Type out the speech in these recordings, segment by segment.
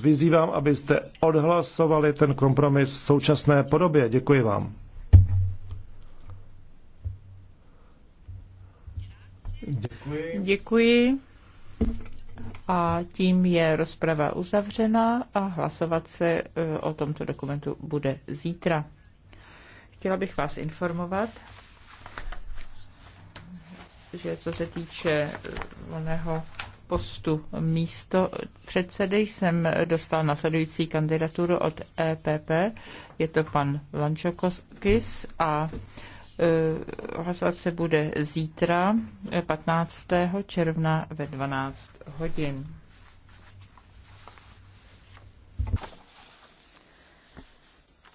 vyzývám, abyste odhlasovali ten kompromis v současné podobě. Děkuji vám. Děkuji. Děkuji. A tím je rozprava uzavřena a hlasovat se eh, o tomto dokumentu bude zítra. Chtěla bych vás informovat, že co se týče eh, oného postu místo předsedy jsem dostal nasledující kandidaturu od EPP. Je to pan Lančokis a e, hlasovat se bude zítra 15. června ve 12 hodin.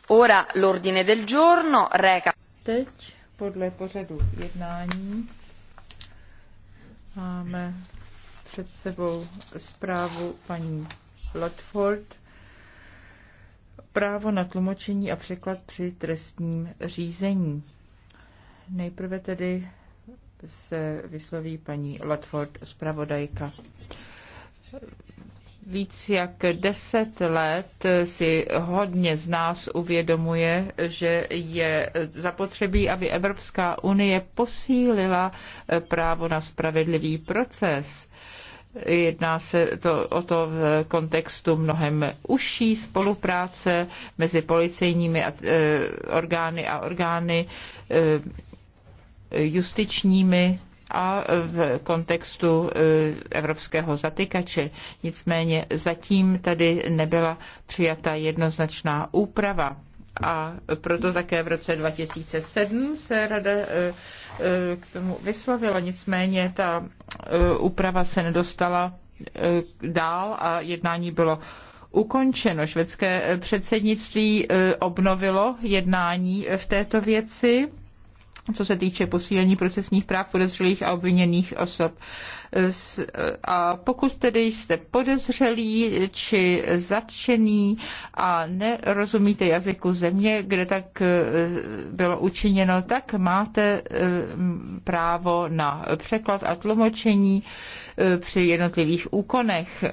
Ora l'ordine del giorno reca. Teď podle pořadu jednání máme před sebou zprávu paní Lotford. Právo na tlumočení a překlad při trestním řízení. Nejprve tedy se vysloví paní Lotford, zpravodajka. Víc jak deset let si hodně z nás uvědomuje, že je zapotřebí, aby Evropská unie posílila právo na spravedlivý proces Jedná se to, o to v kontextu mnohem užší spolupráce mezi policejními a, e, orgány a orgány e, justičními a v kontextu e, evropského zatykače. Nicméně zatím tady nebyla přijata jednoznačná úprava. A proto také v roce 2007 se rada e, e, k tomu vyslovila. Nicméně ta e, úprava se nedostala dál a jednání bylo ukončeno. Švédské předsednictví obnovilo jednání v této věci co se týče posílení procesních práv podezřelých a obviněných osob. A pokud tedy jste podezřelí či zatčený a nerozumíte jazyku země, kde tak e, bylo učiněno, tak máte e, právo na překlad a tlumočení e, při jednotlivých úkonech.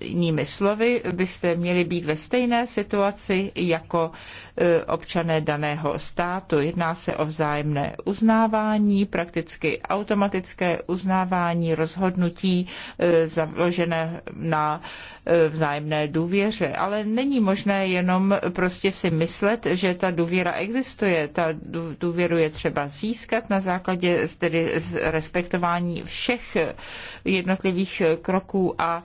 Jinými slovy, byste měli být ve stejné situaci jako E, občané daného státu. Jedná se o vzájemné uznávání, prakticky automatické uznávání rozhodnutí e, založené na e, vzájemné důvěře. Ale není možné jenom prostě si myslet, že ta důvěra existuje. Ta důvěru je třeba získat na základě tedy respektování všech jednotlivých kroků a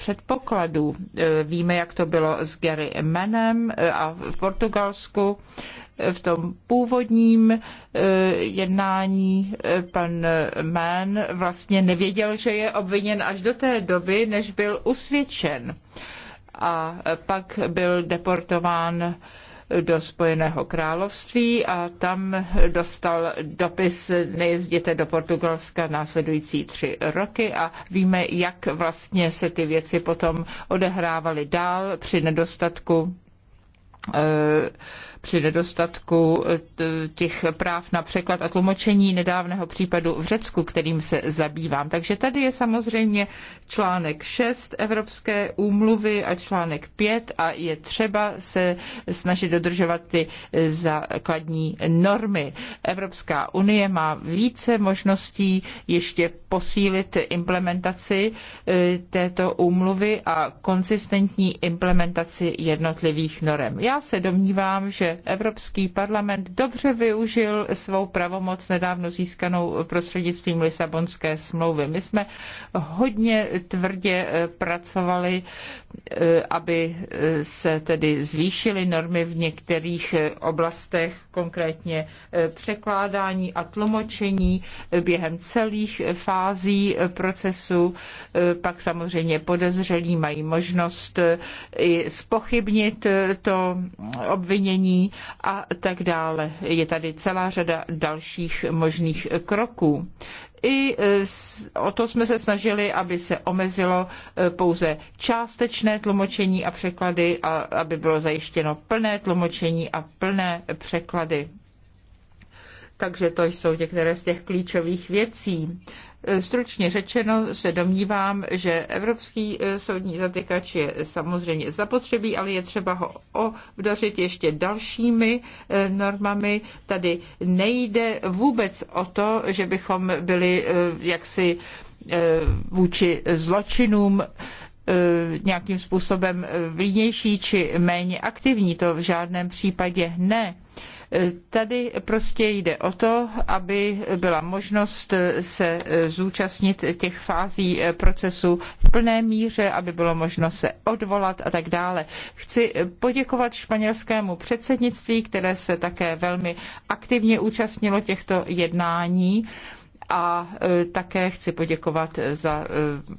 předpokladů. E, víme, jak to bylo s Gary Manem e, a v Portugalsku e, v tom původním jednání pan Mann vlastně nevěděl, že je obviněn až do té doby, než byl usvědčen. A pak byl deportován do Spojeného království a tam dostal dopis nejezděte do Portugalska následující tři roky a víme, jak vlastně se ty věci potom odehrávaly dál při nedostatku eh, při nedostatku eh, těch práv na překlad a tlumočení nedávného případu v Řecku, kterým se zabývám. Takže tady je samozřejmě článek 6 Evropské úmluvy a článek 5 a je třeba se snažit dodržovat ty eh, základní normy. Evropská unie má více možností ještě posílit implementaci eh, této úmluvy a konzistentní implementaci jednotlivých norem. Já se domnívám, že Evropský parlament dobře využil svou pravomoc nedávno získanou prostřednictvím Lisabonské smlouvy. My jsme hodně tvrdě eh, pracovali E, aby e, se tedy zvýšily normy v některých e, oblastech, konkrétně překládání a tlumočení během celých fází procesu. Pak samozřejmě podezřelí mají možnost i spochybnit to obvinění a tak dále. Je tady celá řada dalších možných kroků. I e, o to jsme se snažili, aby se omezilo e, pouze částečné tlumočení a překlady a aby bylo zajištěno plné tlumočení a plné překlady. Takže to jsou některé z těch klíčových věcí. Stručně řečeno se domnívám, že Evropský eh, soudní zatykač je samozřejmě zapotřebí, ale je třeba ho obdařit ještě dalšími eh, normami. Tady nejde vůbec o to, že bychom byli eh, jaksi vůči zločinům nějakým způsobem vlínější či méně aktivní. To v žádném případě ne. Tady prostě jde o to, aby byla možnost se zúčastnit těch fází procesu v plné míře, aby bylo možno se odvolat a tak dále. Chci poděkovat španělskému předsednictví, které se také velmi aktivně účastnilo těchto jednání a e, také chci poděkovat za e,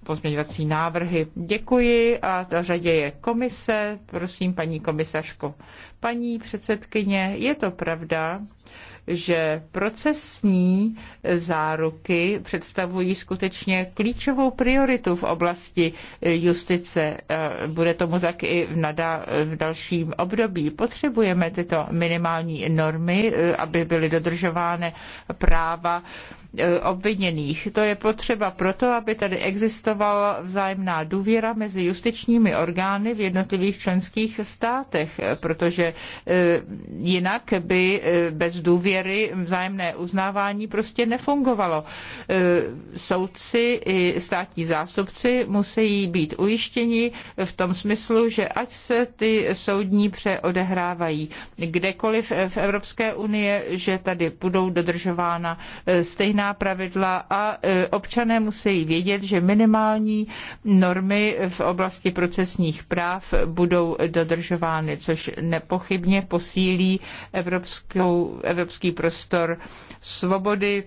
pozměňovací návrhy. Děkuji a na řadě je komise. Prosím, paní komisařko. Paní předsedkyně, je to pravda, že procesní záruky představují skutečně klíčovou prioritu v oblasti justice. E, bude tomu tak i v, nada, v dalším období. Potřebujeme tyto minimální normy, aby byly dodržovány práva Eh, obviněných. To je potřeba proto, aby tady existovala vzájemná důvěra mezi justičními orgány v jednotlivých členských státech, eh, protože eh, jinak by bez důvěry vzájemné uznávání prostě nefungovalo. Soudci i státní zástupci musí být ujištěni v tom smyslu, že ať se ty soudní pře odehrávají kdekoliv v Evropské unii, že tady budou dodržována stejná stejná pravidla a e, občané musí vědět, že minimální normy v oblasti procesních práv budou dodržovány, což nepochybně posílí evropskou, evropský prostor svobody,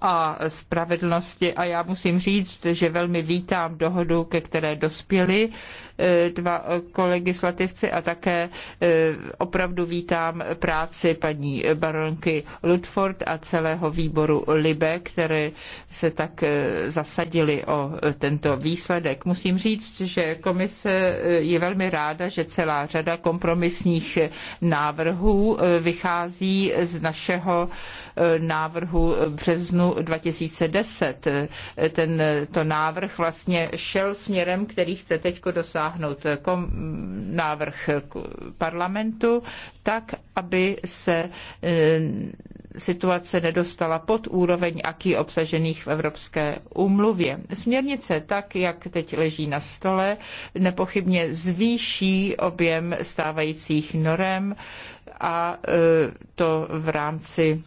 a spravedlnosti a já musím říct, že velmi vítám dohodu, ke které dospěli eh, dva kolegislativci a také eh, opravdu vítám práci paní baronky Ludford a celého výboru Libe, které se tak eh, zasadili o tento výsledek. Musím říct, že komise je velmi ráda, že celá řada kompromisních návrhů vychází z našeho návrhu březnu 2010. Ten, to návrh vlastně šel směrem, který chce teď dosáhnout kom, návrh parlamentu, tak, aby se eh, situace nedostala pod úroveň aký obsažených v Evropské úmluvě. Směrnice, tak jak teď leží na stole, nepochybně zvýší objem stávajících norem a eh, to v rámci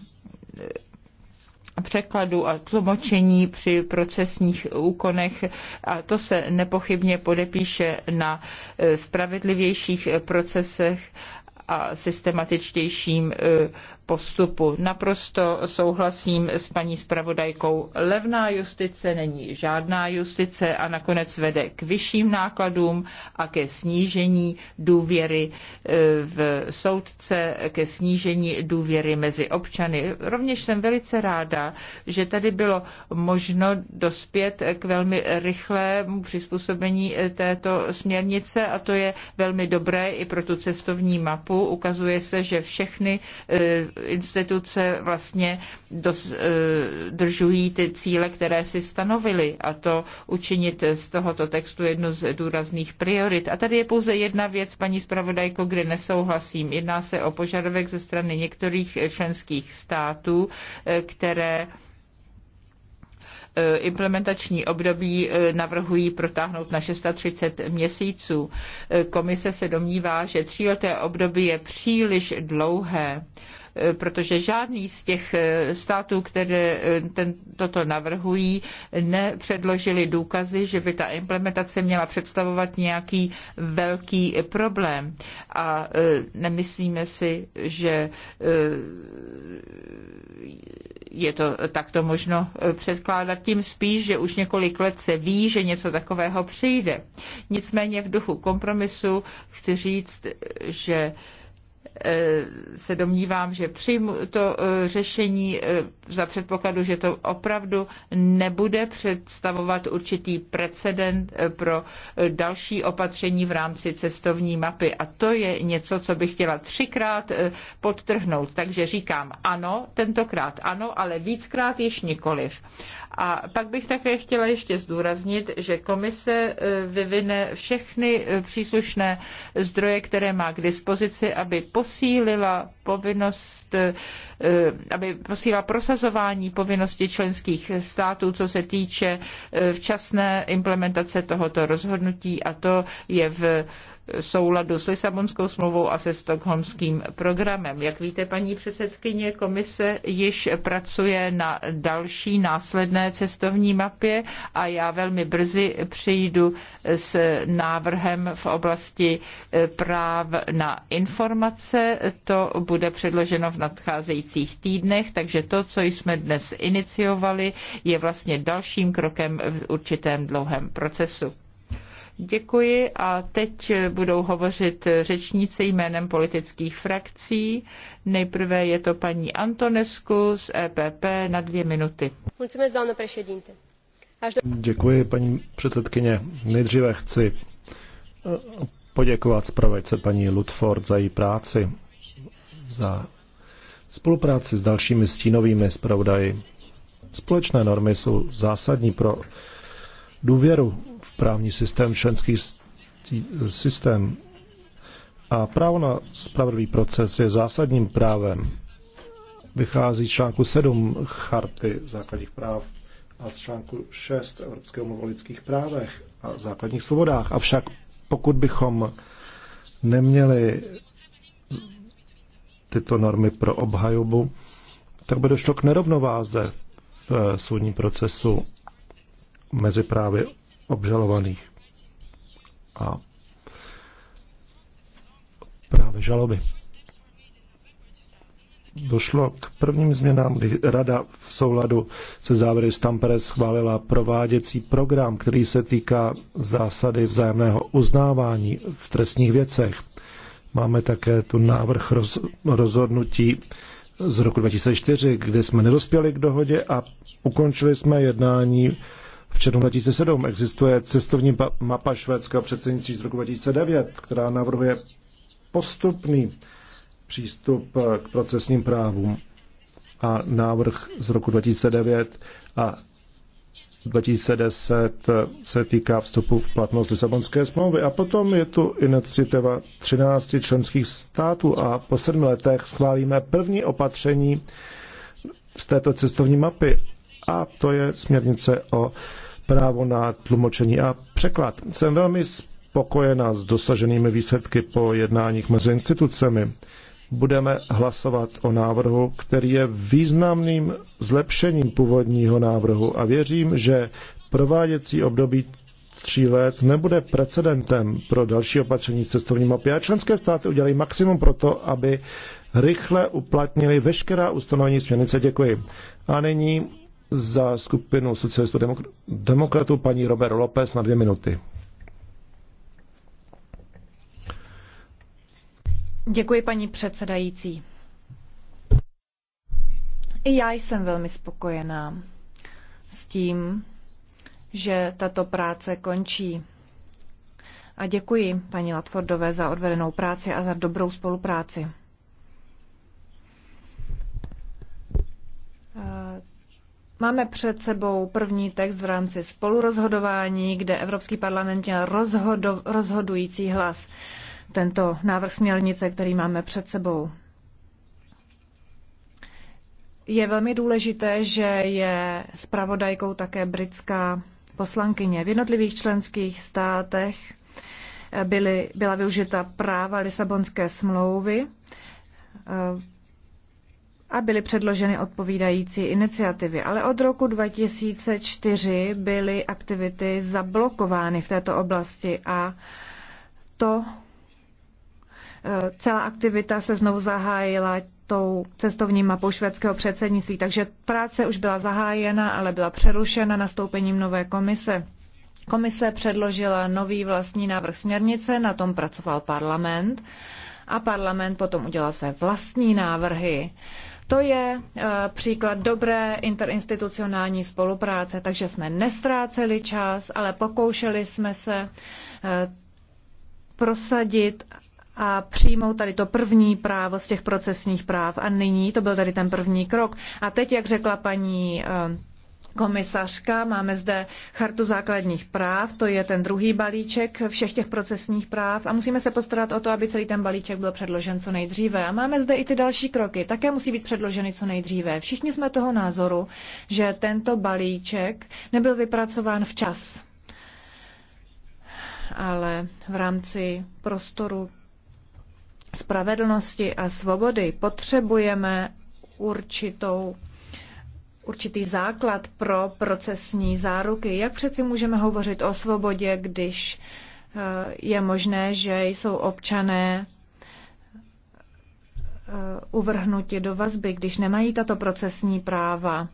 překladu a tlumočení při procesních úkonech a to se nepochybně podepíše na eh, spravedlivějších procesech a systematičtějším eh, postupu. Naprosto souhlasím s paní zpravodajkou. Levná justice není žádná justice a nakonec vede k vyšším nákladům a ke snížení důvěry eh, v soudce, ke snížení důvěry mezi občany. Rovněž jsem velice ráda, že tady bylo možno dospět k velmi rychlému přizpůsobení eh, této směrnice a to je velmi dobré i pro tu cestovní mapu. Ukazuje se, že všechny eh, instituce vlastně dos, eh, držují ty cíle, které si stanovily a to učinit z tohoto textu jednu z důrazných priorit. A tady je pouze jedna věc, paní zpravodajko, kde nesouhlasím. Jedná se o požadavek ze strany některých členských států, eh, které eh, implementační období navrhují protáhnout na 630 měsíců. Komise se domnívá, že tříleté období je příliš dlouhé protože žádný z těch eh, států, které eh, ten, toto navrhují, nepředložili důkazy, že by ta implementace měla představovat nějaký velký problém. A eh, nemyslíme si, že je to takto možno předkládat, tím spíš, že už několik let se ví, že něco takového přijde. Nicméně v duchu kompromisu chci říct, že Eh, se domnívám, že přijmu to eh, řešení eh, za předpokladu, že to opravdu nebude představovat určitý precedent pro další opatření v rámci cestovní mapy. A to je něco, co bych chtěla třikrát podtrhnout. Takže říkám ano, tentokrát ano, ale víckrát již nikoliv. A pak bych také chtěla ještě zdůraznit, že komise e, vyvine všechny e, příslušné zdroje, které má k dispozici, aby posílila povinnost, e, aby posílila prosazování povinnosti členských států, co se týče včasné implementace tohoto rozhodnutí a to je v souladu s Lisabonskou smlouvou a se Stockholmským programem. Jak víte, paní předsedkyně, komise již pracuje na další následné cestovní mapě a já velmi brzy přijdu s návrhem v oblasti eh, práv na informace. To bude předloženo v nadcházejících týdnech, takže to, co jsme dnes iniciovali, je vlastně dalším krokem v určitém dlouhém procesu. Děkuji a teď budou hovořit řečníci jménem politických frakcí. Nejprve je to paní Antonescu z EPP na dvě minuty. Děkuji, paní předsedkyně. Nejdříve chci eh, poděkovat zpravodajce paní Ludford za její práci, za spolupráci s dalšími stínovými zpravodaji. Společné normy jsou zásadní pro důvěru v právní systém, členský systém. A právo na spravedlivý proces je zásadním právem. Vychází z článku 7 Charty základních práv a z článku 6 Evropské umluvy o lidských právech a základních svobodách. Avšak pokud bychom neměli tyto normy pro obhajobu, tak by došlo k nerovnováze v eh, soudním procesu mezi právy obžalovaných a právě žaloby. Došlo k prvním změnám, kdy Rada v souladu se závěry Stampere schválila prováděcí program, který se týká zásady vzájemného uznávání v trestních věcech. Máme také tu návrh roz, rozhodnutí z roku 2004, kde jsme nedospěli k dohodě a ukončili jsme jednání v červnu 2007 existuje cestovní mapa švédského předsednictví z roku 2009, která navrhuje postupný přístup eh, k procesním právům a návrh z roku 2009 a 2010 eh, se týká vstupu v platnost Lisabonské smlouvy. A potom je tu iniciativa 13 členských států a po sedmi letech schválíme první opatření z této cestovní mapy a to je směrnice o právo na tlumočení a překlad. Jsem velmi spokojená s dosaženými výsledky po jednáních mezi institucemi. Budeme hlasovat o návrhu, který je významným zlepšením původního návrhu a věřím, že prováděcí období tří let nebude precedentem pro další opatření s cestovní mapy. A členské státy udělají maximum pro to, aby rychle uplatnili veškerá ustanovení směrnice. Děkuji. A nyní za skupinu socialistů demokratů paní Robert López na dvě minuty. Děkuji, paní předsedající. I já jsem velmi spokojená s tím, že tato práce končí. A děkuji paní Latfordové za odvedenou práci a za dobrou spolupráci. Máme před sebou první text v rámci spolurozhodování, kde Evropský parlament měl rozhodo, rozhodující hlas. Tento návrh směrnice, který máme před sebou. Je velmi důležité, že je zpravodajkou také britská poslankyně. V jednotlivých členských státech byly, byla využita práva Lisabonské smlouvy a byly předloženy odpovídající iniciativy. Ale od roku 2004 byly aktivity zablokovány v této oblasti a to eh, celá aktivita se znovu zahájila tou cestovní mapou švédského předsednictví. Takže práce už byla zahájena, ale byla přerušena nastoupením nové komise. Komise předložila nový vlastní návrh směrnice, na tom pracoval parlament a parlament potom udělal své vlastní návrhy. To je eh, příklad dobré interinstitucionální spolupráce, takže jsme nestráceli čas, ale pokoušeli jsme se eh, prosadit a přijmout tady to první právo z těch procesních práv. A nyní to byl tady ten první krok. A teď, jak řekla paní eh, komisařka. Máme zde chartu základních práv, to je ten druhý balíček všech těch procesních práv a musíme se postarat o to, aby celý ten balíček byl předložen co nejdříve. A máme zde i ty další kroky, také musí být předloženy co nejdříve. Všichni jsme toho názoru, že tento balíček nebyl vypracován včas ale v rámci prostoru spravedlnosti a svobody potřebujeme určitou určitý základ pro procesní záruky. Jak přeci můžeme hovořit o svobodě, když eh, je možné, že jsou občané eh, uvrhnuti do vazby, když nemají tato procesní práva?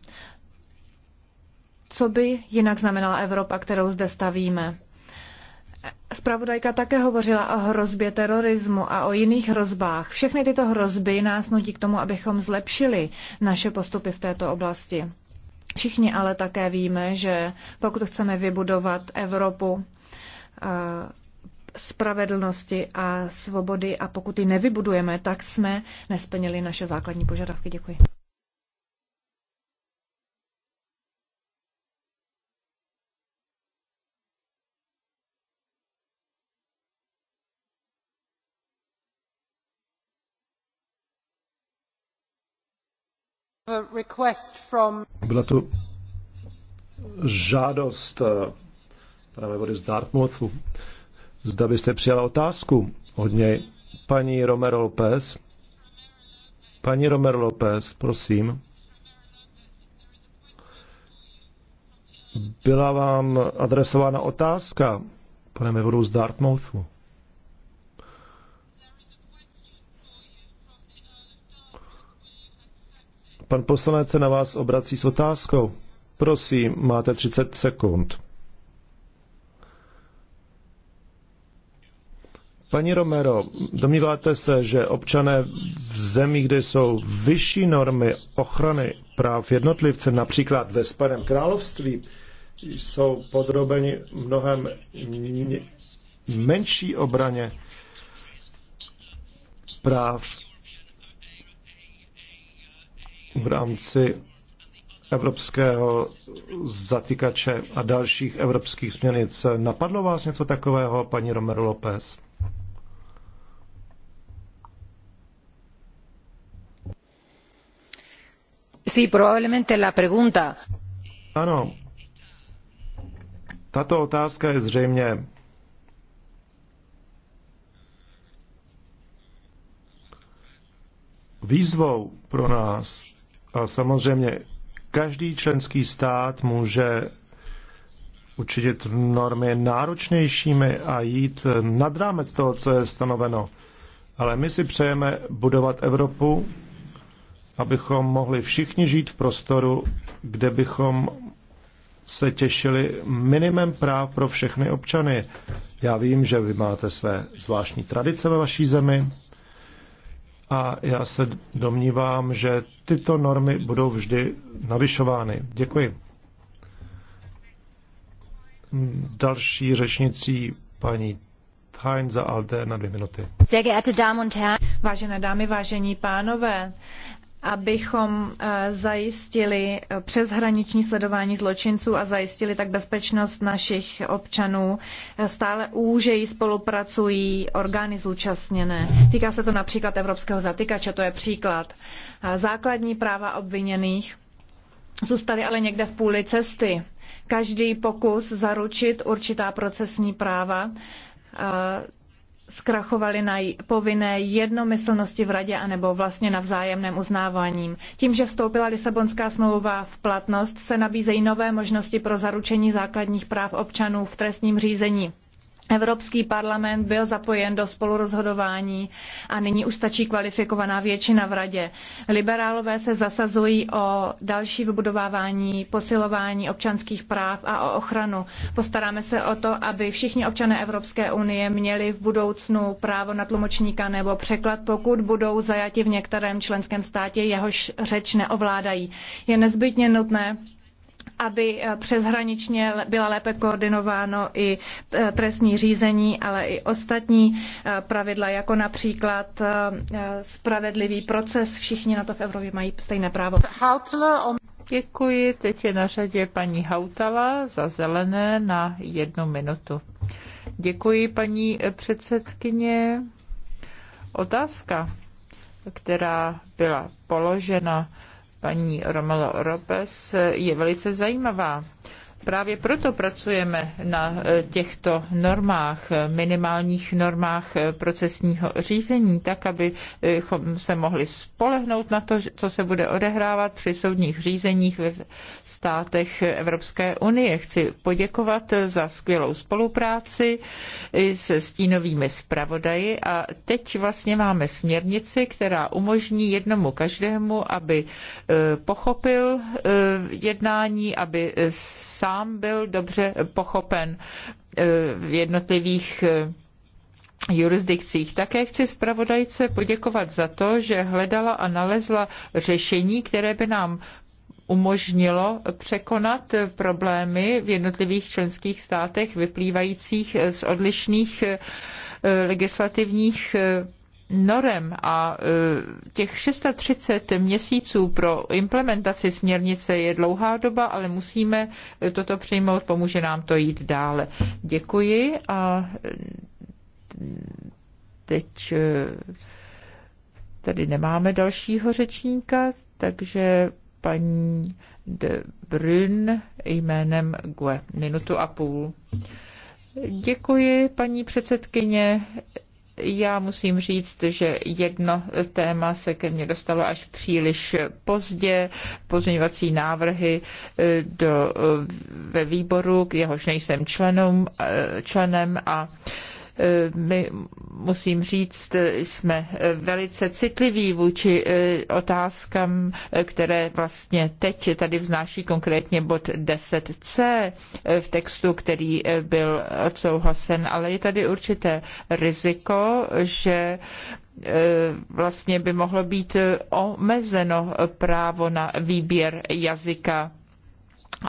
Co by jinak znamenala Evropa, kterou zde stavíme? Spravodajka také hovořila o hrozbě terorismu a o jiných hrozbách. Všechny tyto hrozby nás nutí k tomu, abychom zlepšili naše postupy v této oblasti. Všichni ale také víme, že pokud chceme vybudovat Evropu eh, spravedlnosti a svobody a pokud ji nevybudujeme, tak jsme nesplnili naše základní požadavky. Děkuji. Byla to žádost eh, pana Vody z Dartmouthu. Zda byste přijala otázku od něj. Paní Romero López. Paní Romero López, prosím. Byla vám adresována otázka panem Evodou z Dartmouthu. Pan poslanec se na vás obrací s otázkou. Prosím, máte 30 sekund. Paní Romero, domníváte se, že občané v zemích, kde jsou vyšší normy ochrany práv jednotlivce, například ve Spaném království, jsou podrobeni mnohem menší obraně práv v rámci evropského zatýkače a dalších evropských směrnic. Napadlo vás něco takového, paní Romero López? Sí, probablemente la pregunta. Ano. Tato otázka je zřejmě výzvou pro nás a samozřejmě každý členský stát může učinit normy náročnějšími a jít nad rámec toho, co je stanoveno. Ale my si přejeme budovat Evropu, abychom mohli všichni žít v prostoru, kde bychom se těšili minimem práv pro všechny občany. Já vím, že vy máte své zvláštní tradice ve vaší zemi, a já se domnívám, že tyto normy budou vždy navyšovány. Děkuji. Další řečnicí paní Thain za Alde na dvě minuty. Vážené dámy, vážení pánové, abychom eh, zajistili eh, přeshraniční sledování zločinců a zajistili tak bezpečnost našich občanů. Eh, stále úžeji spolupracují orgány zúčastněné. Týká se to například evropského zatykače, to je příklad. Základní práva obviněných zůstaly ale někde v půli cesty. Každý pokus zaručit určitá procesní práva zkrachovali na povinné jednomyslnosti v radě anebo vlastně na vzájemném uznávání. Tím, že vstoupila Lisabonská smlouva v platnost, se nabízejí nové možnosti pro zaručení základních práv občanů v trestním řízení. Evropský parlament byl zapojen do spolurozhodování a nyní už stačí kvalifikovaná většina v radě. Liberálové se zasazují o další vybudovávání, posilování občanských práv a o ochranu. Postaráme se o to, aby všichni občané Evropské unie měli v budoucnu právo na tlumočníka nebo překlad, pokud budou zajati v některém členském státě, jehož řeč neovládají. Je nezbytně nutné aby eh, přeshraničně byla lépe koordinováno i eh, trestní řízení, ale i ostatní eh, pravidla, jako například spravedlivý proces. Všichni na to v Evropě mají stejné právo. Děkuji. Teď je na řadě paní Hautala za zelené na jednu minutu. Děkuji, paní předsedkyně. Otázka, která byla položena, paní Romelo Ropes je velice zajímavá. Právě proto pracujeme na e, těchto normách, e, minimálních normách e, procesního řízení, tak, abychom se mohli spolehnout na to, co se bude odehrávat při soudních řízeních ve státech Evropské unie. Chci poděkovat za skvělou spolupráci se stínovými zpravodaji a teď vlastně máme směrnici, která umožní jednomu každému, aby pochopil jednání, aby sám sám byl dobře pochopen eh, v jednotlivých eh, jurisdikcích. Také chci zpravodajce poděkovat za to, že hledala a nalezla řešení, které by nám umožnilo překonat eh, problémy v jednotlivých členských státech vyplývajících z odlišných legislativních norem a e, těch 630 měsíců pro implementaci směrnice je dlouhá doba, ale musíme toto přijmout, pomůže nám to jít dále. Děkuji a e, teď e, tady nemáme dalšího řečníka, takže paní de Brun jménem GUE. Minutu a půl. Děkuji, paní předsedkyně. Já musím říct, že jedno téma se ke mně dostalo až příliš pozdě. Pozměňovací návrhy eh, do, eh, ve výboru, k jehož nejsem členom, eh, členem a Eh, my musím říct, jsme velice citliví vůči eh, otázkám, eh, které vlastně teď tady vznáší konkrétně bod 10c v textu, který byl odsouhlasen, ale je tady určité riziko, že vlastně by mohlo být omezeno právo na výběr jazyka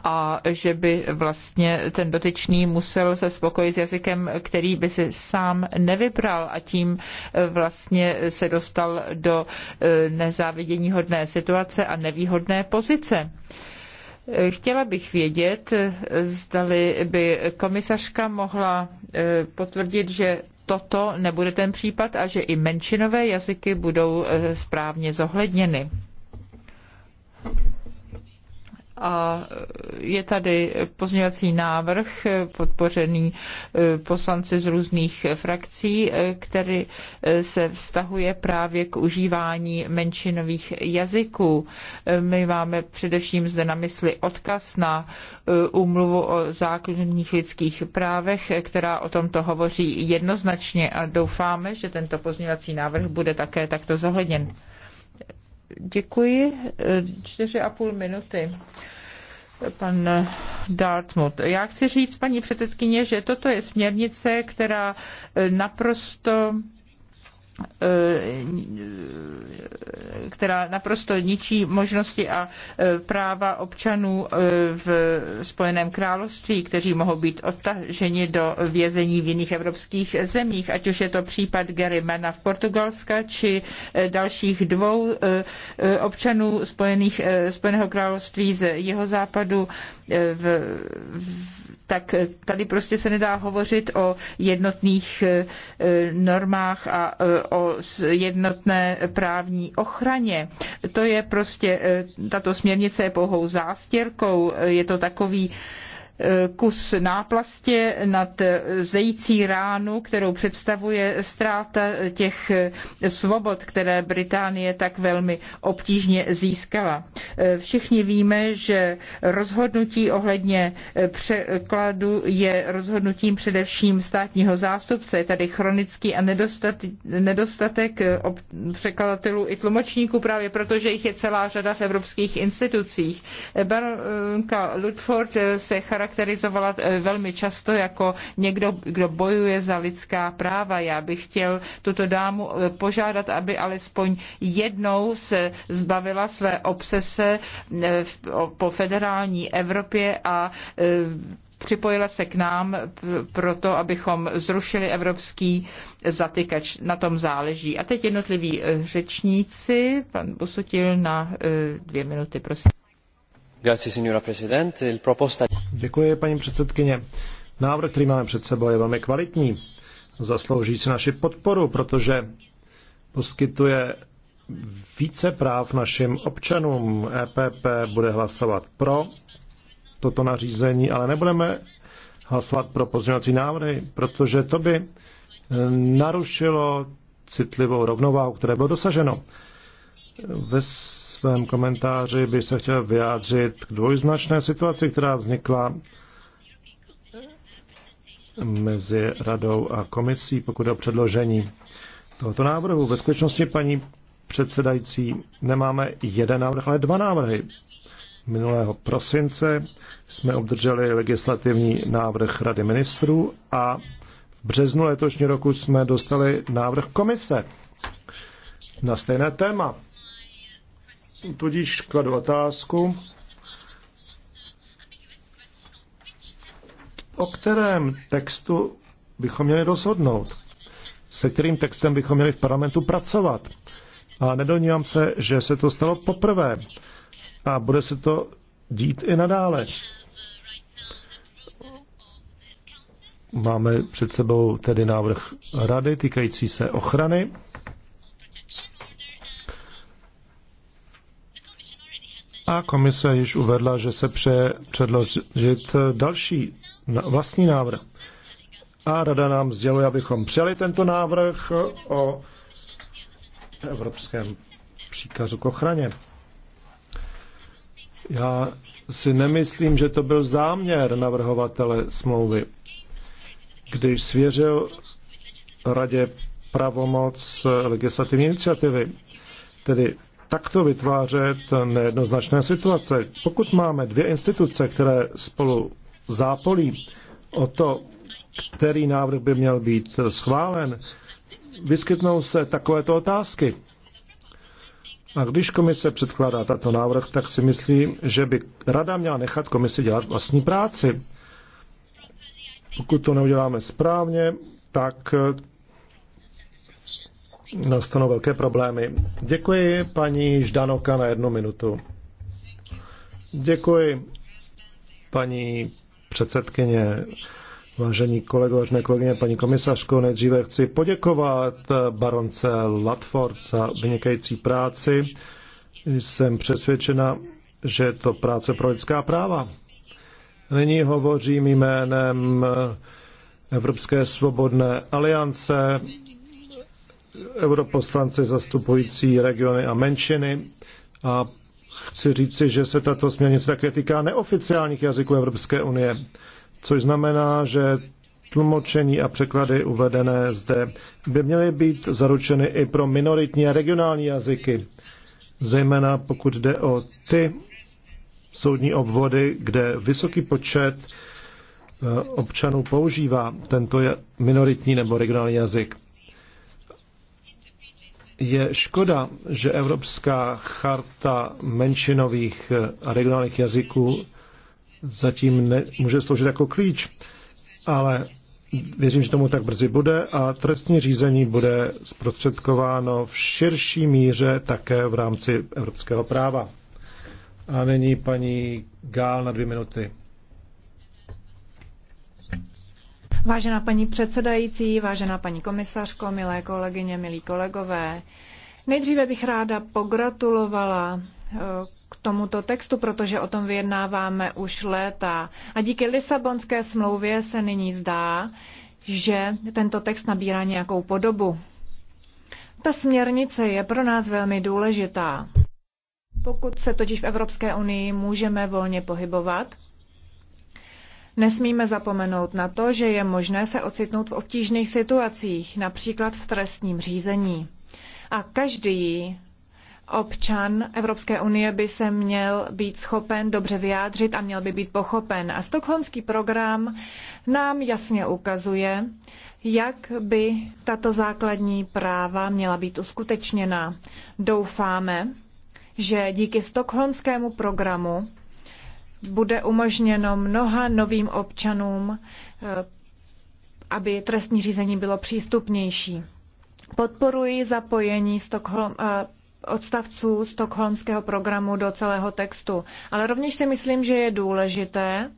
a že by vlastně ten dotyčný musel se spokojit s jazykem, který by si sám nevybral a tím eh, vlastně se dostal do eh, nezáviděníhodné situace a nevýhodné pozice. Eh, chtěla bych vědět, zdali by komisařka mohla potvrdit, že toto nebude ten případ a že i menšinové jazyky budou správně zohledněny a je tady pozměňovací návrh podpořený e, poslanci z různých frakcí, e, který e, se vztahuje právě k užívání menšinových jazyků. My máme především zde na mysli odkaz na úmluvu o základních lidských právech, která o tomto hovoří jednoznačně a doufáme, že tento pozměňovací návrh bude také takto zohledněn. Děkuji. Čtyři a půl minuty. Pan Dartmouth. Já chci říct, paní předsedkyně, že toto je směrnice, která naprosto Eh, která naprosto ničí možnosti a eh, práva občanů eh, v Spojeném království, kteří mohou být odtaženi do vězení v jiných evropských zemích, ať už je to případ Gary Mana v Portugalska, či dalších dvou občanů Spojených, Spojeného království z jeho západu v, v tak tady prostě se nedá hovořit o jednotných eh, eh, normách a eh, o jednotné právní ochraně. To je prostě, tato směrnice je pouhou zástěrkou, je to takový kus náplastě nad zející ránu, kterou představuje ztráta těch svobod, které Británie tak velmi obtížně získala. Všichni víme, že rozhodnutí ohledně překladu je rozhodnutím především státního zástupce. Je tady chronický a nedostatek překladatelů i tlumočníků právě proto, že jich je celá řada v evropských institucích. Baronka Ludford se charakterizuje charakterizovala eh, velmi často jako někdo, kdo bojuje za lidská práva. Já bych chtěl tuto dámu eh, požádat, aby alespoň jednou se zbavila své obsese eh, po federální Evropě a připojila se k nám proto, abychom zrušili evropský zatykač. Na tom záleží. A teď jednotliví řečníci. Pan Bosutil na dvě minuty, prosím. Děkuji, paní předsedkyně. Návrh, který máme před sebou, je velmi kvalitní. Zaslouží si naši podporu, protože poskytuje více práv našim občanům. EPP bude hlasovat pro toto nařízení, ale nebudeme hlasovat pro pozměňovací návrhy, protože to by narušilo citlivou rovnováhu, které bylo dosaženo. Ve svém komentáři bych se chtěl vyjádřit k dvojznačné situaci, která vznikla mezi radou a komisí, pokud o předložení tohoto návrhu. Ve skutečnosti, paní předsedající, nemáme jeden návrh, ale dva návrhy. Minulého prosince jsme obdrželi legislativní návrh Rady ministrů a v březnu letošního roku jsme dostali návrh komise na stejné téma tudíž kladu otázku, o kterém textu bychom měli rozhodnout, se kterým textem bychom měli v parlamentu pracovat. A nedonívám se, že se to stalo poprvé a bude se to dít i nadále. Máme před sebou tedy návrh rady týkající se ochrany A komise již uvedla, že se pře předložit další vlastní návrh. A rada nám sděluje, abychom přijali tento návrh o evropském příkazu k ochraně. Já si nemyslím, že to byl záměr navrhovatele smlouvy, když svěřil radě pravomoc legislativní iniciativy. Tedy takto vytvářet nejednoznačné situace. Pokud máme dvě instituce, které spolu zápolí o to, který návrh by měl být schválen, vyskytnou se takovéto otázky. A když komise předkládá tato návrh, tak si myslím, že by rada měla nechat komisi dělat vlastní práci. Pokud to neuděláme správně, tak nastanou velké problémy. Děkuji paní Ždanoka na jednu minutu. Děkuji paní předsedkyně, vážení kolegové, vážené kolegyně, paní komisařko. Nejdříve chci poděkovat baronce Latford za vynikající práci. Jsem přesvědčena, že je to práce pro lidská práva. Nyní hovořím jménem Evropské svobodné aliance europoslance zastupující regiony a menšiny a chci říci, že se tato směrnice také týká neoficiálních jazyků Evropské unie, což znamená, že tlumočení a překlady uvedené zde by měly být zaručeny i pro minoritní a regionální jazyky, zejména pokud jde o ty soudní obvody, kde vysoký počet eh, občanů používá tento minoritní nebo regionální jazyk. Je škoda, že Evropská charta menšinových a eh, regionálních jazyků zatím může sloužit jako klíč, ale věřím, že tomu tak brzy bude a trestní řízení bude zprostředkováno v širší míře také v rámci evropského práva. A nyní paní Gál na dvě minuty. Vážená paní předsedající, vážená paní komisařko, milé kolegyně, milí kolegové, nejdříve bych ráda pogratulovala eh, k tomuto textu, protože o tom vyjednáváme už léta. A díky Lisabonské smlouvě se nyní zdá, že tento text nabírá nějakou podobu. Ta směrnice je pro nás velmi důležitá. Pokud se totiž v Evropské unii můžeme volně pohybovat, Nesmíme zapomenout na to, že je možné se ocitnout v obtížných situacích, například v trestním řízení. A každý občan Evropské unie by se měl být schopen dobře vyjádřit a měl by být pochopen. A stokholmský program nám jasně ukazuje, jak by tato základní práva měla být uskutečněna. Doufáme, že díky stokholmskému programu bude umožněno mnoha novým občanům, eh, aby trestní řízení bylo přístupnější. Podporuji zapojení Stockholm, eh, odstavců Stockholmského programu do celého textu, ale rovněž si myslím, že je důležité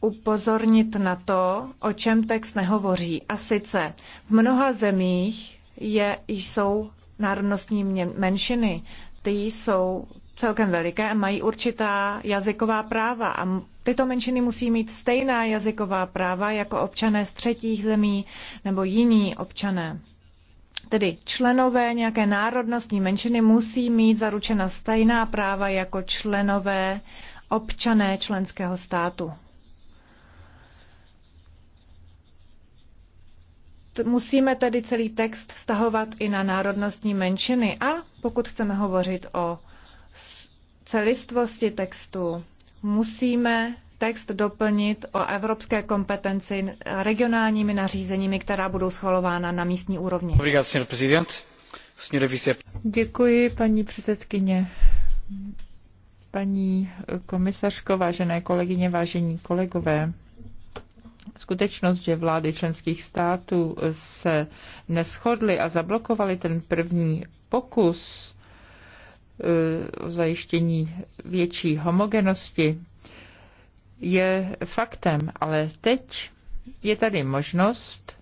upozornit na to, o čem text nehovoří. A sice v mnoha zemích je, jsou národnostní menšiny. Ty jsou celkem veliké a mají určitá jazyková práva. A tyto menšiny musí mít stejná jazyková práva jako občané z třetích zemí nebo jiní občané. Tedy členové nějaké národnostní menšiny musí mít zaručena stejná práva jako členové občané členského státu. musíme tedy celý text vztahovat i na národnostní menšiny a pokud chceme hovořit o celistvosti textu musíme text doplnit o evropské kompetenci regionálními nařízeními, která budou schvalována na místní úrovni. Děkuji, paní předsedkyně. Paní komisařko, vážené kolegyně, vážení kolegové, skutečnost, že vlády členských států se neschodly a zablokovaly ten první pokus Eh, o zajištění větší homogenosti je faktem, ale teď je tady možnost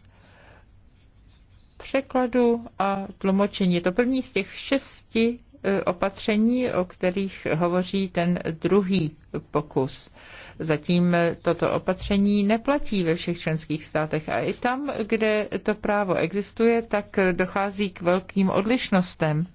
překladu a tlumočení. Je to první z těch šesti eh, opatření, o kterých hovoří ten druhý pokus. Zatím eh, toto opatření neplatí ve všech členských státech a i tam, kde to právo existuje, tak dochází k velkým odlišnostem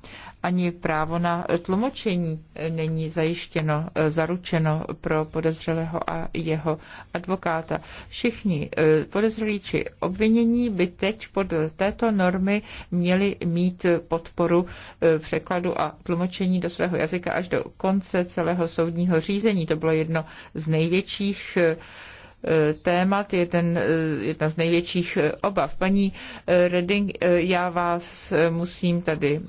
ani právo na tlumočení není zajištěno, eh, zaručeno pro podezřelého a jeho advokáta. Všichni eh, podezřelí či obvinění by teď pod této normy měli mít podporu eh, překladu a tlumočení do svého jazyka až do konce celého soudního řízení. To bylo jedno z největších Eh, témat, jeden, eh, jedna z největších eh, obav. Paní Reding, já vás musím tady,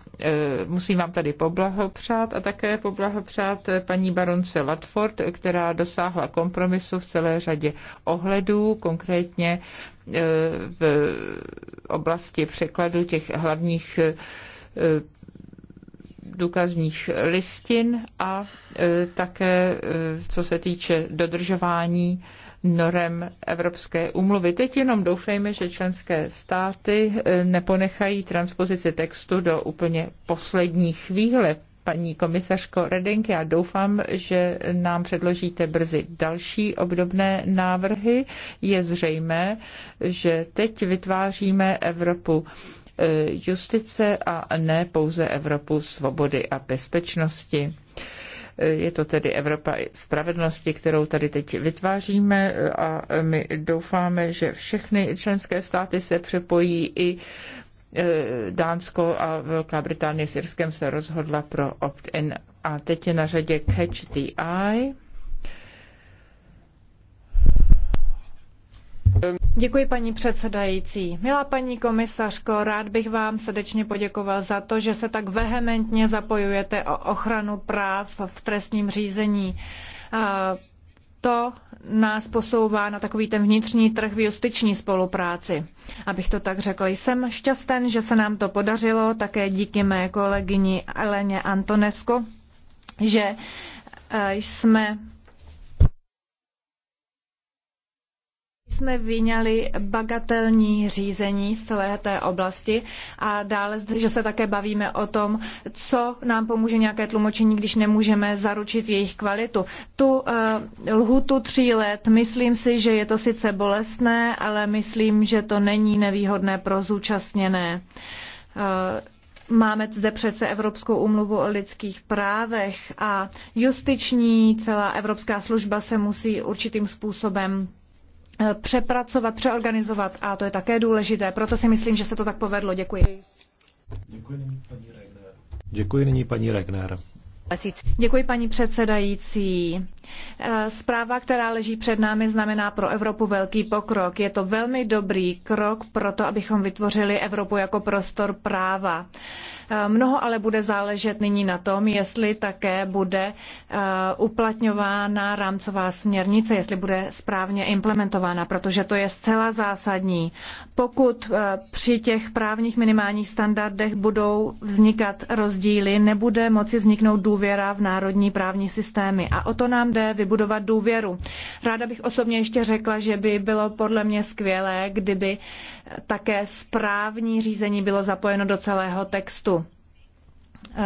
musím vám tady poblahopřát a také poblahopřát paní baronce Latford, která dosáhla kompromisu v celé řadě ohledů, konkrétně v oblasti překladu těch hlavních důkazních listin a také co se týče dodržování norem Evropské umluvy. Teď jenom doufejme, že členské státy eh, neponechají transpozici textu do úplně poslední chvíle. Paní komisařko Redenk, já doufám, že nám předložíte brzy další obdobné návrhy. Je zřejmé, že teď vytváříme Evropu eh, justice a ne pouze Evropu svobody a bezpečnosti. Je to tedy Evropa spravedlnosti, kterou tady teď vytváříme a my doufáme, že všechny členské státy se přepojí i e, Dánsko a Velká Británie s Irskem se rozhodla pro opt-in. A teď je na řadě Catch the Eye. Děkuji paní předsedající. Milá paní komisařko, rád bych vám srdečně poděkoval za to, že se tak vehementně zapojujete o ochranu práv v trestním řízení. To nás posouvá na takový ten vnitřní trh v justiční spolupráci. Abych to tak řekl, jsem šťasten, že se nám to podařilo, také díky mé kolegyni Eleně Antonesku, že e, jsme jsme vyňali bagatelní řízení z celé té oblasti a dále, že se také bavíme o tom, co nám pomůže nějaké tlumočení, když nemůžeme zaručit jejich kvalitu. Tu uh, lhutu tří let, myslím si, že je to sice bolestné, ale myslím, že to není nevýhodné pro zúčastněné. Uh, Máme zde přece Evropskou umluvu o lidských právech a justiční celá Evropská služba se musí určitým způsobem přepracovat, přeorganizovat a to je také důležité. Proto si myslím, že se to tak povedlo. Děkuji. Děkuji nyní paní Regner. Děkuji Děkuji paní předsedající. Eh, zpráva, která leží před námi, znamená pro Evropu velký pokrok. Je to velmi dobrý krok pro to, abychom vytvořili Evropu jako prostor práva. Eh, mnoho ale bude záležet nyní na tom, jestli také bude eh, uplatňována rámcová směrnice, jestli bude správně implementována, protože to je zcela zásadní. Pokud při těch právních minimálních standardech budou vznikat rozdíly, nebude moci vzniknout důvěra v národní právní systémy. A o to nám jde zde vybudovat důvěru. Ráda bych osobně ještě řekla, že by bylo podle mě skvělé, kdyby také správní řízení bylo zapojeno do celého textu.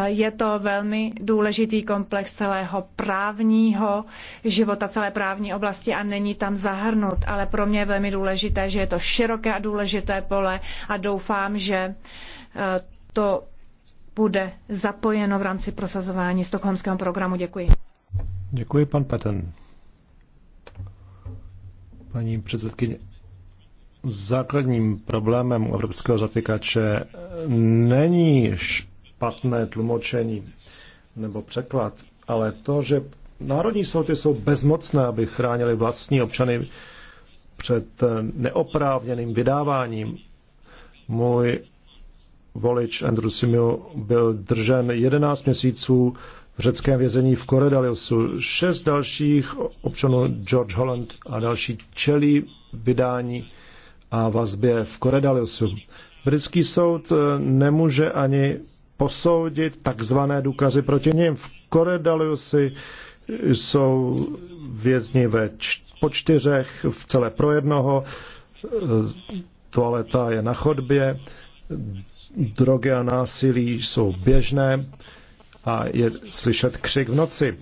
Je to velmi důležitý komplex celého právního života, celé právní oblasti a není tam zahrnut, ale pro mě je velmi důležité, že je to široké a důležité pole a doufám, že eh, to bude zapojeno v rámci prosazování stokholmského programu. Děkuji. Děkuji, pan Petten. Paní předsedkyně, základním problémem u evropského zatykače není špatné tlumočení nebo překlad, ale to, že národní soudy jsou bezmocné, aby chránili vlastní občany před neoprávněným vydáváním. Můj volič Andrew Simil byl držen 11 měsíců v řeckém vězení v Koredaliosu. Šest dalších občanů George Holland a další čelí vydání a vazbě v Koredaliosu. Britský soud eh, nemůže ani posoudit takzvané důkazy proti ním. V Koredaliosi jsou vězni ve č- po čtyřech, v celé pro jednoho, eh, toaleta je na chodbě, drogy a násilí jsou běžné a je slyšet křik v noci.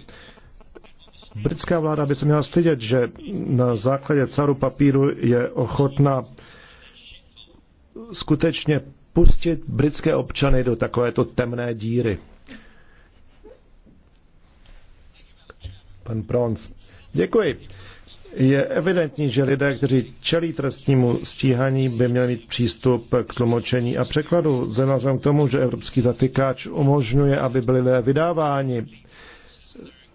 Britská vláda by se měla stydět, že na základě caru papíru je ochotna skutečně pustit britské občany do takovéto temné díry. Pan Prons. Děkuji. Je evidentní, že lidé, kteří čelí trestnímu stíhaní, by měli mít přístup k tlumočení a překladu, zejména k tomu, že evropský zatykáč umožňuje, aby byli lidé vydáváni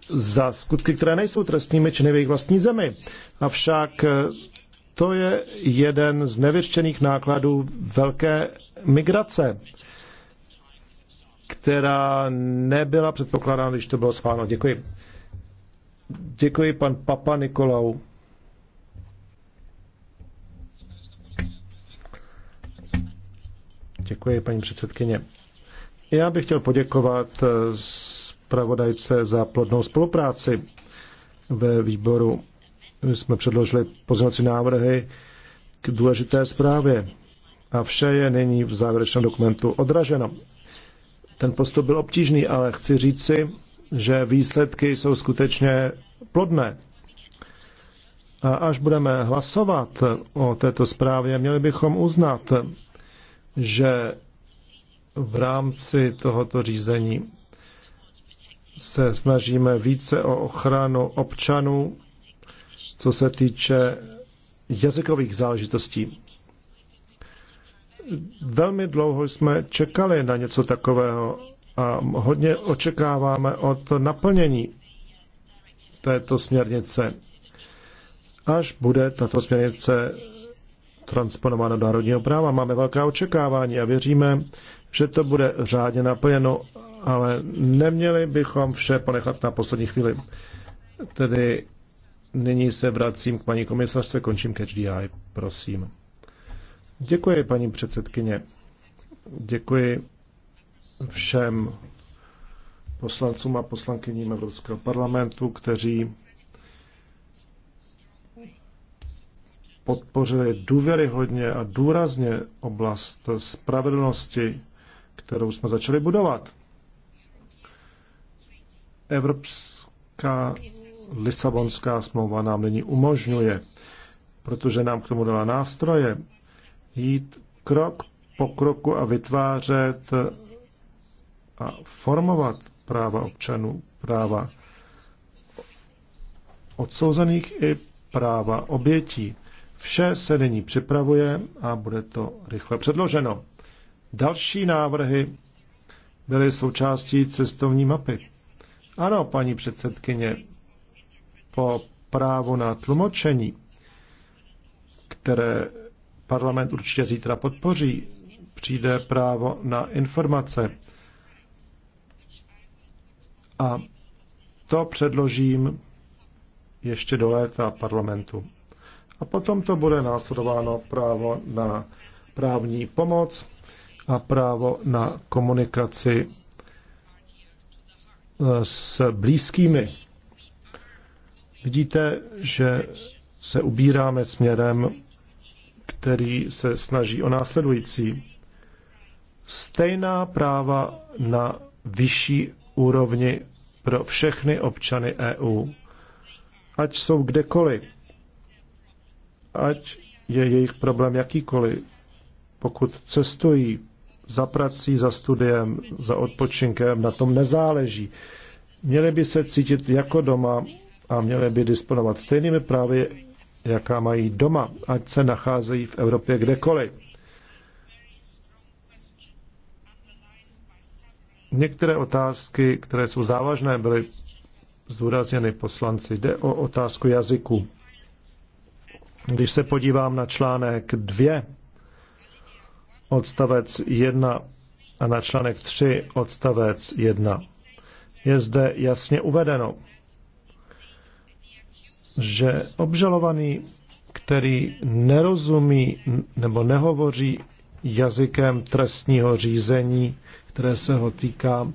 za skutky, které nejsou trestními činy v jejich vlastní zemi. Avšak to je jeden z nevyřčených nákladů velké migrace, která nebyla předpokládána, když to bylo schváleno. Děkuji. Děkuji pan Papa Nikolau. Děkuji, paní předsedkyně. Já bych chtěl poděkovat eh, zpravodajce za plodnou spolupráci ve výboru. My jsme předložili pozměňovací návrhy k důležité zprávě a vše je nyní v závěrečném dokumentu odraženo. Ten postup byl obtížný, ale chci říci, že výsledky jsou skutečně plodné. A až budeme hlasovat o této zprávě, měli bychom uznat, že v rámci tohoto řízení se snažíme více o ochranu občanů, co se týče jazykových záležitostí. Velmi dlouho jsme čekali na něco takového a hodně očekáváme od naplnění této směrnice, až bude tato směrnice transponováno do národního práva. Máme velká očekávání a věříme, že to bude řádně naplněno, ale neměli bychom vše ponechat na poslední chvíli. Tedy nyní se vracím k paní komisařce, končím catch the eye, prosím. Děkuji, paní předsedkyně. Děkuji všem poslancům a poslankyním Evropského parlamentu, kteří podpořili důvěryhodně a důrazně oblast spravedlnosti, kterou jsme začali budovat. Evropská Lisabonská smlouva nám nyní umožňuje, protože nám k tomu dala nástroje, jít krok po kroku a vytvářet a formovat práva občanů, práva odsouzených i práva obětí. Vše se nyní připravuje a bude to rychle předloženo. Další návrhy byly součástí cestovní mapy. Ano, paní předsedkyně, po právo na tlumočení, které parlament určitě zítra podpoří, přijde právo na informace. A to předložím ještě do léta parlamentu a potom to bude následováno právo na právní pomoc a právo na komunikaci eh, s blízkými. Vidíte, že se ubíráme směrem, který se snaží o následující. Stejná práva na vyšší úrovni pro všechny občany EU, ať jsou kdekoliv ať je jejich problém jakýkoliv. Pokud cestují za prací, za studiem, za odpočinkem, na tom nezáleží. Měli by se cítit jako doma a měli by disponovat stejnými právy, jaká mají doma, ať se nacházejí v Evropě kdekoliv. Některé otázky, které jsou závažné, byly zdůrazněny poslanci. Jde o otázku jazyku. Když se podívám na článek 2, odstavec 1 a na článek 3, odstavec 1, je zde jasně uvedeno, že obžalovaný, který nerozumí nebo nehovoří jazykem trestního řízení, které se ho týká,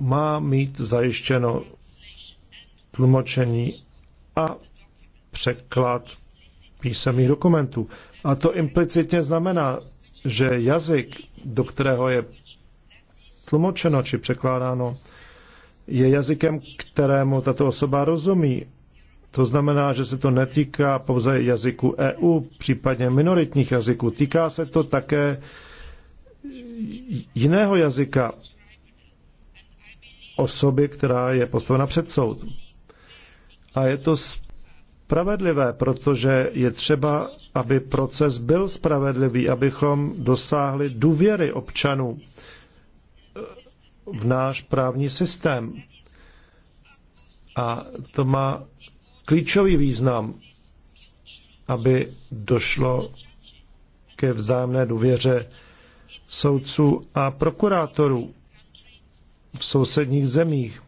má mít zajištěno tlumočení a překlad písemných dokumentů. A to implicitně znamená, že jazyk, do kterého je tlumočeno či překládáno, je jazykem, kterému tato osoba rozumí. To znamená, že se to netýká pouze jazyku EU, případně minoritních jazyků. Týká se to také jiného jazyka osoby, která je postavena před soud. A je to spravedlivé, protože je třeba, aby proces byl spravedlivý, abychom dosáhli důvěry občanů v náš právní systém. A to má klíčový význam, aby došlo ke vzájemné důvěře soudců a prokurátorů v sousedních zemích.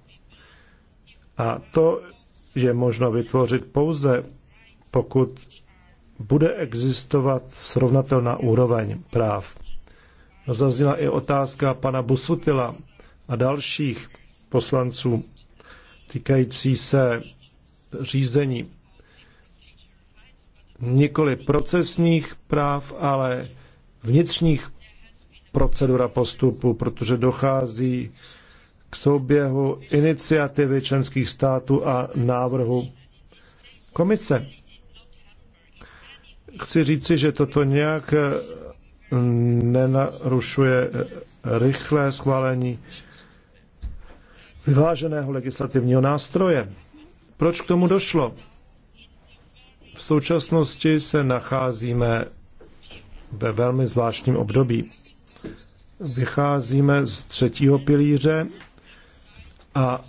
A to je možno vytvořit pouze, pokud bude existovat srovnatelná úroveň práv. Zazněla i otázka pana Busutila a dalších poslanců týkající se řízení nikoli procesních práv, ale vnitřních a postupu, protože dochází k souběhu iniciativy členských států a návrhu komise. Chci říci, že toto nějak eh, nenarušuje eh, rychlé schválení vyváženého legislativního nástroje. Proč k tomu došlo? V současnosti se nacházíme ve velmi zvláštním období. Vycházíme z třetího pilíře a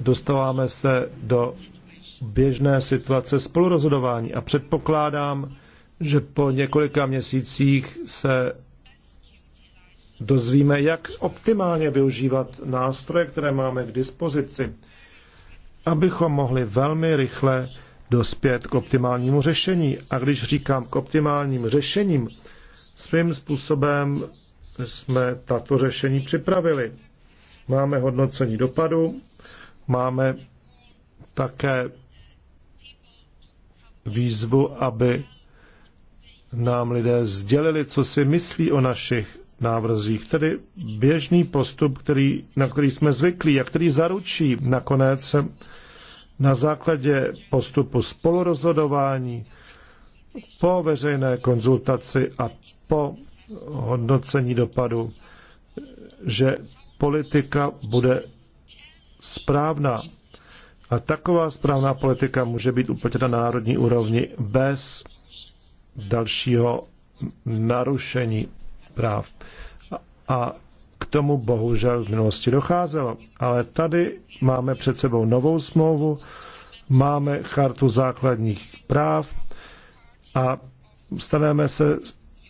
dostáváme se do běžné situace spolurozhodování a předpokládám, že po několika měsících se dozvíme, jak optimálně využívat nástroje, které máme k dispozici, abychom mohli velmi rychle dospět k optimálnímu řešení. A když říkám k optimálním řešením, svým způsobem jsme tato řešení připravili. Máme hodnocení dopadu, máme také výzvu, aby nám lidé sdělili, co si myslí o našich návrzích, tedy běžný postup, který, na který jsme zvyklí a který zaručí nakonec na základě postupu spolurozhodování po veřejné konzultaci a po hodnocení dopadu, že politika bude správná. A taková správná politika může být uplatněna na národní úrovni bez dalšího narušení práv. A k tomu bohužel v minulosti docházelo. Ale tady máme před sebou novou smlouvu, máme chartu základních práv a staneme se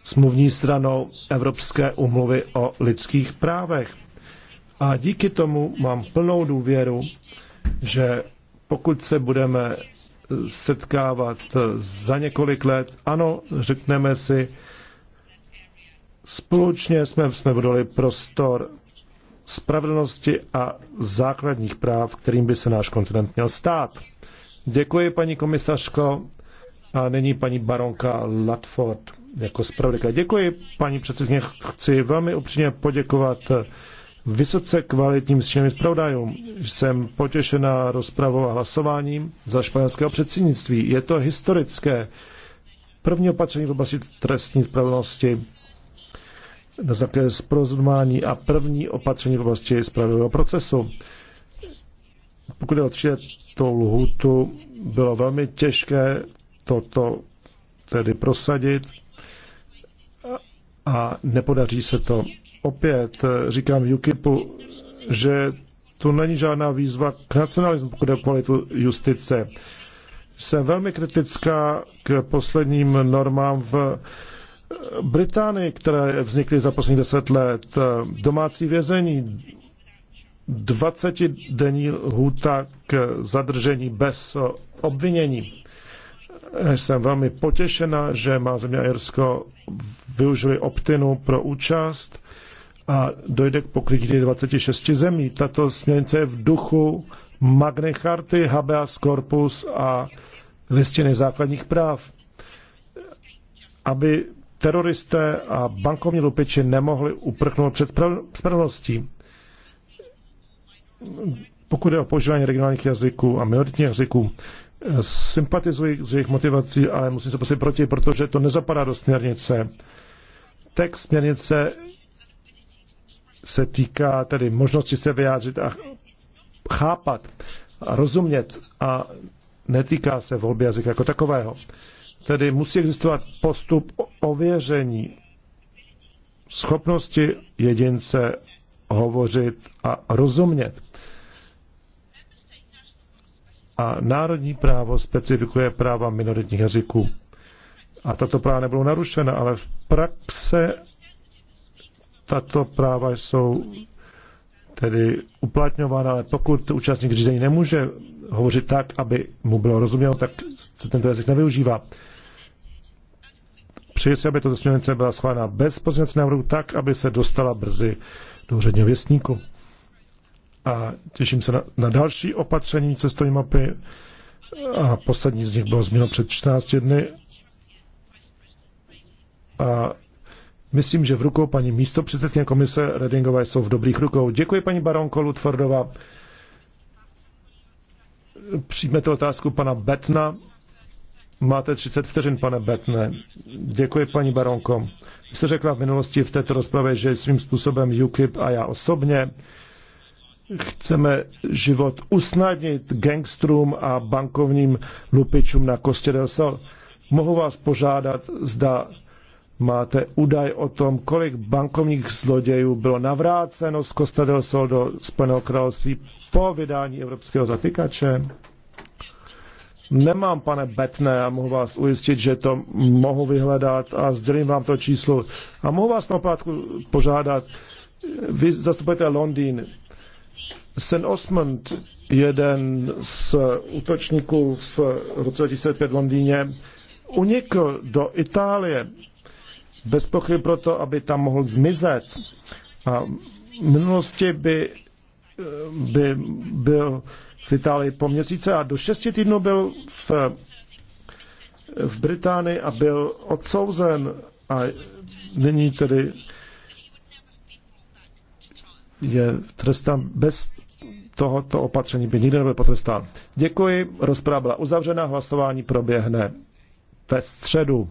smluvní stranou Evropské umluvy o lidských právech. A díky tomu mám plnou důvěru, že pokud se budeme setkávat za několik let, ano, řekneme si, společně jsme, jsme budovali prostor spravedlnosti a základních práv, kterým by se náš kontinent měl stát. Děkuji, paní komisařko. A není paní baronka Latford jako zpravodajka. Děkuji, paní předsedkyně. Chci velmi upřímně poděkovat vysoce kvalitním stínovým zpravodajům. Jsem potěšena rozpravou a hlasováním za španělského předsednictví. Je to historické první opatření v oblasti trestní spravedlnosti na základě zprozumání a první opatření v oblasti spravedlivého procesu. Pokud je o tou lhutu, bylo velmi těžké toto tedy prosadit a nepodaří se to opět eh, říkám UKIPu, že tu není žádná výzva k nacionalismu, pokud je o kvalitu justice. Jsem velmi kritická k posledním normám v eh, Británii, které vznikly za posledních deset let. Eh, domácí vězení, 20-denní hůta k zadržení bez obvinění. Jsem velmi potěšena, že má země Irsko využili optinu pro účast a dojde k pokrytí 26 zemí. Tato směrnice je v duchu Magne Charty, habeas corpus a listiny základních práv, aby teroristé a bankovní lupiči nemohli uprchnout před spravedlností. Pokud je o používání regionálních jazyků a minoritních jazyků, sympatizuji s jejich motivací, ale musím se prostě proti, protože to nezapadá do směrnice. Text směrnice se týká tedy možnosti se vyjádřit a chápat a rozumět a netýká se volby jazyka jako takového. Tedy musí existovat postup ověření schopnosti jedince hovořit a rozumět. A národní právo specifikuje práva minoritních jazyků. A tato práva nebudou narušena, ale v praxe tato práva jsou tedy uplatňována, ale pokud účastník řízení nemůže hovořit tak, aby mu bylo rozuměno, tak se tento jazyk nevyužívá. Přeji si, aby tato směrnice byla schválena bez pozměnce návrhu tak, aby se dostala brzy do úředního věstníku. A těším se na, na další opatření cestovní mapy. A poslední z nich bylo změno před 14 dny. A myslím, že v rukou paní místo předsedkyně komise Redingové jsou v dobrých rukou. Děkuji paní baronko Lutvordová. Přijmete otázku pana Betna. Máte 30 vteřin, pane Betne. Děkuji, paní baronko. Vy jste řekla v minulosti v této rozpravě, že svým způsobem UKIP a já osobně chceme život usnadnit gangstrům a bankovním lupičům na Kostě del Sol. Mohu vás požádat, zda máte údaj o tom, kolik bankovních zlodějů bylo navráceno z Costa del Sol do Spojeného království po vydání evropského zatykače? Nemám, pane Betne, a mohu vás ujistit, že to mohu vyhledat a sdělím vám to číslo. A mohu vás na požádat, vy zastupujete Londýn. St. Osmond, jeden z útočníků v roce 2005 v Londýně, unikl do Itálie bez pochyb proto, aby tam mohl zmizet. A v minulosti by, eh, by byl v Itálii po měsíce a do šesti týdnů byl v, v Británii a byl odsouzen a nyní tedy je trestán bez tohoto opatření by nikdy nebyl potrestán. Děkuji, rozpráva byla uzavřena, hlasování proběhne ve středu.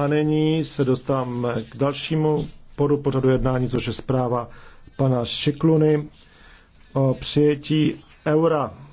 A nyní se dostáváme k dalšímu bodu pořadu jednání, což je zpráva pana Šikluny o přijetí eura.